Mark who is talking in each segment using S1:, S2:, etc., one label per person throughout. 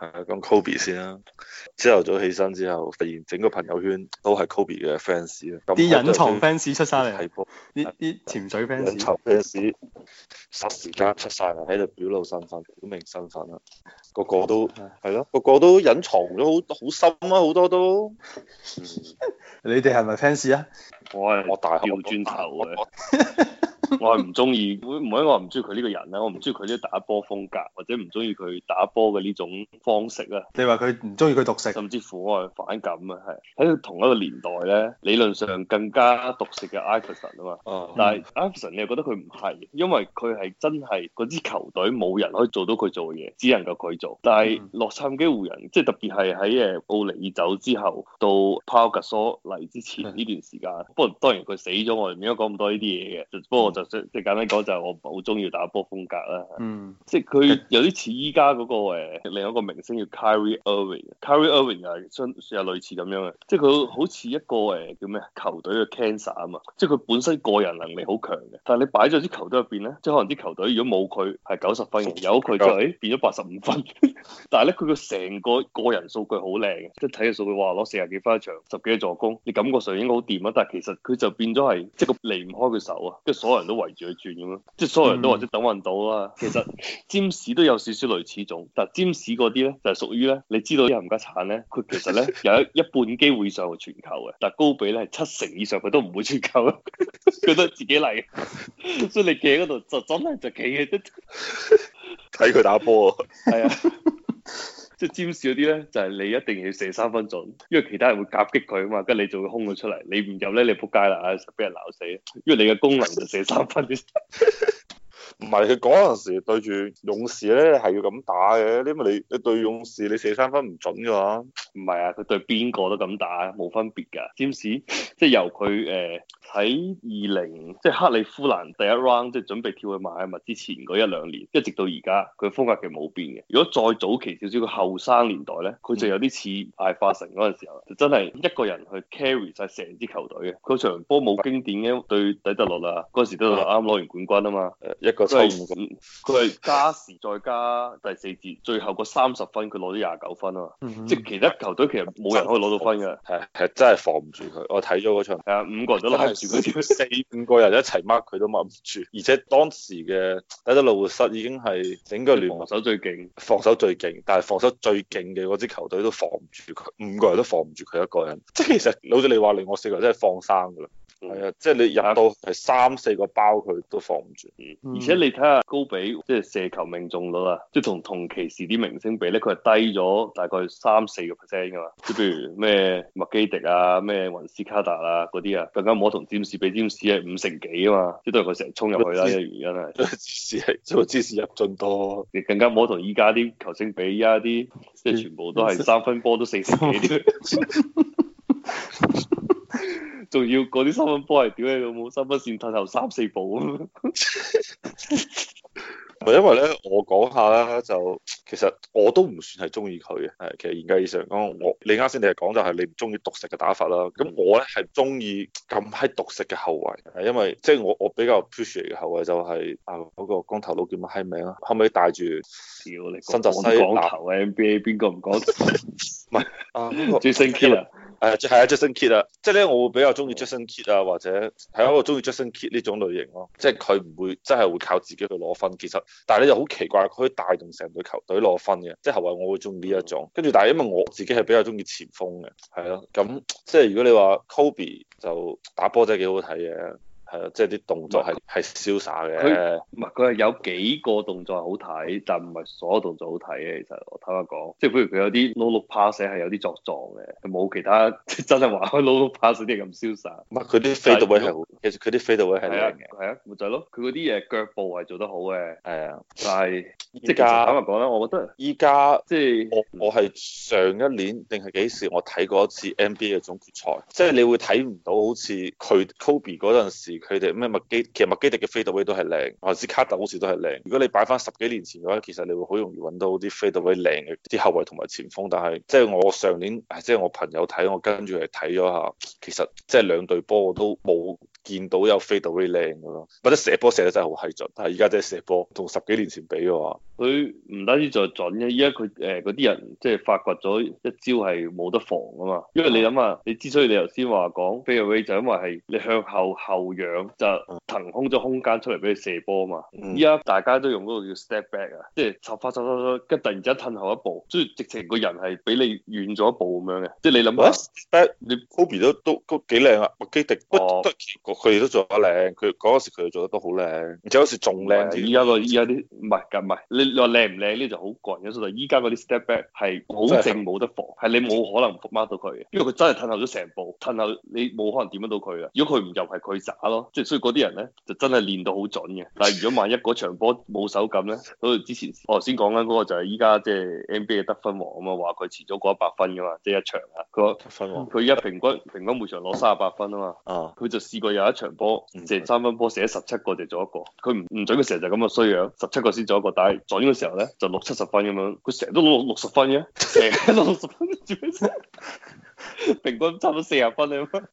S1: 係啊，Kobe 先啦。朝頭早起身之後，突然整個朋友圈都係 Kobe 嘅 fans 啦。啲隱藏 fans 出晒嚟，啲啲潛水 fans。隱藏 fans 霎時間出晒嚟，喺度表露身份，表明身份啦。個個都係咯， 個個都隱藏咗好好深啊，好多都。 你哋係咪 fans 啊？我係我大學掉磚頭嘅。 我係唔中意，
S2: 唔係我話唔中意佢呢個人咧，我唔中意佢啲打波風格，或者唔中意佢打波嘅呢種方式啦。你話佢唔中意佢獨食，甚至乎我係反感啊，係喺同一個年代咧，理論上更加獨食嘅艾佛森啊嘛。哦、oh. 是。但係艾佛森你又覺得佢唔係，因為佢係真係嗰支球隊冇人可以做到佢做嘢，只能夠佢做。但係洛杉磯湖人，即係特別係喺誒奧尼爾走之後到帕格蘇嚟之前呢段時間，mm. 不過當然佢死咗，我唔應該講咁多呢啲嘢嘅。不過即係簡單講，就係我好中意打波風格啦。嗯，即係佢有啲似依家嗰個另外一個明星叫 Kyrie Irving，Kyrie Irving 又係相又係類似咁樣嘅。即係佢好似一個誒叫咩球隊嘅 Cancer 啊嘛。即係佢本身個人能力好強嘅，但係你擺咗喺球隊入邊咧，即係可能啲球隊如果冇佢係九十分， 有佢就誒、是欸、變咗八十五分。 但係咧，佢個成個個人數據好靚嘅，即係睇嘅數據話攞四十幾分一場，十幾個助攻，你感覺上應該好掂啊。但係其實佢就變咗係即係佢離唔開佢手啊，跟住所有人。都圍住佢轉咁咯，即係所有人都或者等運到啊。其實占士都有少少類似種，但係占士嗰啲咧就係、屬於咧，你知道啲冚家鏟咧，佢其實咧有一一半機會以上係傳球嘅，但係高比咧係七成以上佢都唔會傳球咯， 佢都係自己嚟， 所以你企喺度就真係就企喺度睇佢打波喎。係啊。 即係占士嗰啲咧，就係、是、你一定要射三分準，因為其他人會夾擊佢啊嘛，跟住你就會空咗出嚟，你唔入咧，你扑街啦啊，俾人鬧死，因為你嘅功能就射三分
S1: 唔係佢嗰陣時對住勇士咧係要咁打嘅，因為你你對勇士你射三分唔準嘅話，唔係啊，佢對邊個都咁打，冇分別㗎。詹士
S2: 即係由佢誒喺二零即係克里夫蘭第一 round 即係準備跳去邁阿密之前嗰一兩年，一直到而家佢風格其實冇變嘅。如果再早期少少佢後生年代咧，佢就有啲似艾化森嗰陣時候， 就真係一個人去 carry 曬成支球隊嘅。嗰場波冇經典嘅對底特律啦，嗰時都特啱攞完冠軍啊嘛。
S1: 一個。都係咁，
S2: 佢係加時再加第四節， 最後個三十分佢攞
S1: 咗廿九分啊嘛。 即係其他球隊其實冇人可以攞到分嘅，係係真係防唔住佢。我睇咗嗰場，係啊，五個人都攔唔住佢， 四五個人一齊掹佢都掹唔住。而且當時嘅底特律活塞已經係整個聯盟防守最勁、防守最勁，但係防守最勁嘅嗰支球隊都防唔住佢，五個人都防唔住佢一個人。即係其實老咗，你話嚟我四個人真係放生㗎啦。係啊，嗯、即係你廿度係三四個包佢都放唔住，嗯、而且你
S2: 睇下高比即係、就是、射球命中率啊，即係同同期時啲明星比咧，佢係低咗大概三四個 percent 噶嘛，即係譬如咩麥基迪啊、咩雲斯卡達啊嗰啲啊，更加唔好同占士比，占士係五成幾啊嘛，即都係佢成日衝入去啦，一個知原因係，占士係做占士入進多，亦更加唔好同依家啲球星比，依家啲即係全部都係三分波都四成幾。知 仲要嗰啲三分波係屌你老母，三分線褪頭三四步！啊！
S1: 唔係因為咧，我講下啦，就其實我都唔算係中意佢嘅。係其實嚴格意義上講，我 你啱先你係講就係你唔中意獨食嘅打法啦。咁我咧係中意咁閪獨食嘅後衞，係因為即係我我比較 push 嚟嘅後衞就係、是、啊嗰、嗰個光頭佬叫乜閪名啊？後屘帶住小你新澤西打
S2: NBA，邊個唔講？
S1: 唔係啊，朱星 誒，即係啊 Jason Kidd 啊，即係咧，我會比較中意 Jason Kidd 啊，或者係咯，我中意 Jason Kidd 呢種類型咯，即係佢唔會真係會靠自己去攞分，其實，但係你就好奇怪，佢可以帶動成隊球隊攞分嘅，即係後來我會中意呢一種，跟住但係因為我自己係比較中意前鋒嘅，係咯，咁即係如果你話 Kobe 就打波真係幾好睇嘅。係啊，即係啲動作係係、嗯、瀟灑嘅。佢
S2: 唔係佢係有幾個動作好睇，但唔係所有動作好睇嘅。其實我坦白講，即係譬如佢有啲 no look pass 係有啲作狀嘅，冇其他即係真係話 no look pass 啲咁
S1: 瀟灑。唔係佢啲飛度位係好，是其實佢啲飛度位係靚
S2: 嘅。係、嗯、啊，咪就係咯，佢嗰啲嘢腳步係做得好嘅。
S1: 係啊，但係是在即係坦白講咧，我覺得依家在即係我我係上一年定係幾時我睇過一次 NBA 嘅總決賽，即係你會睇唔到好似佢 Kobe 嗰陣時。佢哋咩麥基，其實麥基迪嘅 fadeaway 都係靚，我知卡特好似都係靚。如果你擺翻十幾年前嘅話，其實你會好容易揾到啲 fadeaway 靚嘅啲後衞同埋前鋒。但係即係我上年，即係我朋友睇，我跟住嚟睇咗下，其實即係兩隊波我都冇見到有 fadeaway 靚嘅咯。或者射波射得真係好係準，但係而家真係射波同十幾年前比嘅話。佢唔單止、欸、就係準啫，依家佢誒嗰啲人
S2: 即係發掘咗一招係冇得防啊嘛。因為你諗下、啊，你之所以你頭先話講 fade away 就因為係你向後後仰就騰、是、空咗空間出嚟俾你射波啊嘛。依家大家都用嗰個叫 step back 啊，即係插刷刷刷跟突然之間褪後一步，即係直
S1: 情個人係比你遠咗一步咁樣嘅。即係你諗下 step 你 Kobe 都都都幾靚啊，麥基迪哦，佢佢哋都做得靚，佢嗰時佢哋做得都好靚，而且有時仲靚。而家、個而家啲唔係唔
S2: 係你話靚唔靚咧就好個人因素。依家嗰啲 step back 係好正冇、就是、得防，係你冇可能 mark 到佢嘅，因為佢真係褪後咗成步，褪後你冇可能點得到佢嘅。如果佢唔入係佢渣咯，即係所以嗰啲人咧就真係練到好準嘅。但係如果萬一嗰場波冇手感咧，好似 之前我頭先講緊嗰個就係依家即係 NBA 嘅得分王啊嘛，話佢遲早過一百分噶嘛，即係一場啊。佢得分王，佢依家平均平均每場攞三十八分啊嘛。啊，佢就試過有一場波成三分波射十七個就做一個，佢唔唔準嘅時候就咁嘅衰樣，十七個先做一個，但係呢個時候咧就六七十分咁樣。佢成日都攞六十分嘅，成日都
S1: 六十分嘅，
S2: 平均差唔多四廿分咁樣。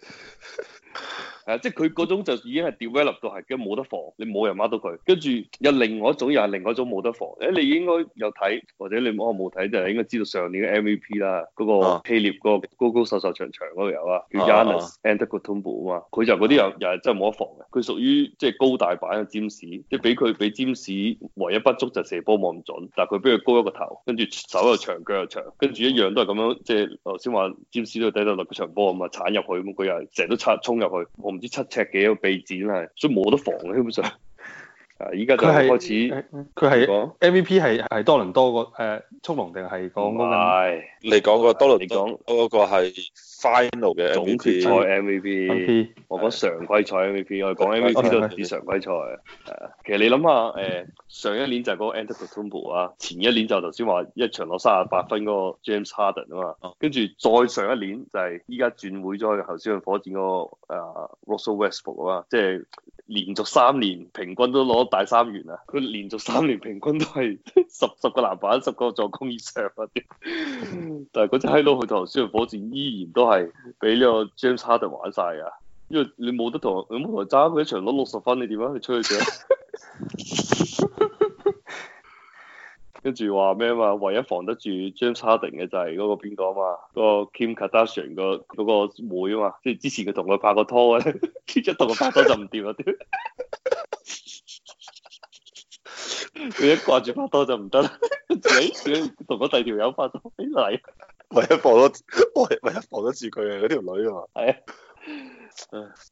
S2: 係，即係佢嗰種就已經係 develop 到係，咁冇得防，你冇人呃到佢。跟住有另外一種又係另外一種冇得防。誒，你應該有睇，或者你我冇睇就係應該知道上年嘅 MVP 啦，嗰個希臘嗰個高高瘦瘦長長嗰個有啊，叫 Giannis Antetokounmpo 啊嘛，佢就嗰啲又又係真係冇得防嘅。佢屬於即係高大版嘅占士，即係比佢比占士唯一不足就射波望唔準，但係佢比佢高一個頭，跟住手又長，腳又長，跟住一樣都係咁樣，即係頭先話占士都抵得落嗰場波咁啊，鏟入去咁佢又成日都插衝入去。唔知七尺幾個鼻展剪啦，所以冇得防嘅基本上。係，依家佢係佢係講 MVP 係係多倫多
S1: 個誒、呃，速龍定係講？唔係是，你講個多倫，你講嗰個係 final 嘅總決賽 MVP
S2: 是。我講常規賽 MVP，我哋講 MVP 都係指常規賽。係其實你諗下誒，呃、是上一年就係嗰個 Antetokounmpo 啊，前一年就頭先話一場攞卅八分嗰個 James Harden 啊嘛，跟住再上一年就係依家轉會咗去頭先個火箭個誒 Russell Westbrook、ok, 啊，即係。連續三年平均都攞大三元啊！佢連續三年平均都係十十個籃板、十個助攻以上啊！ 但係嗰隻閪佬，佢頭先火箭依然都係俾呢個 James Harden 玩晒啊！因為你冇得同佢，你冇同佢爭，佢一場攞六十分，你點啊？你出去食？ 跟住話咩啊嘛？唯一防得住 James Harden 嘅就係嗰個邊個啊嘛？嗰、嗰個 Kim Kardashian 個個妹啊嘛？即係之前佢同佢拍過拖咧， 一同佢拍拖就唔掂啊！屌，佢一掛住拍拖就唔得啦！同咗第二條友拍拖嚟， 唯
S1: 一防得唯一防得住佢嘅嗰條女啊嘛？係啊。唉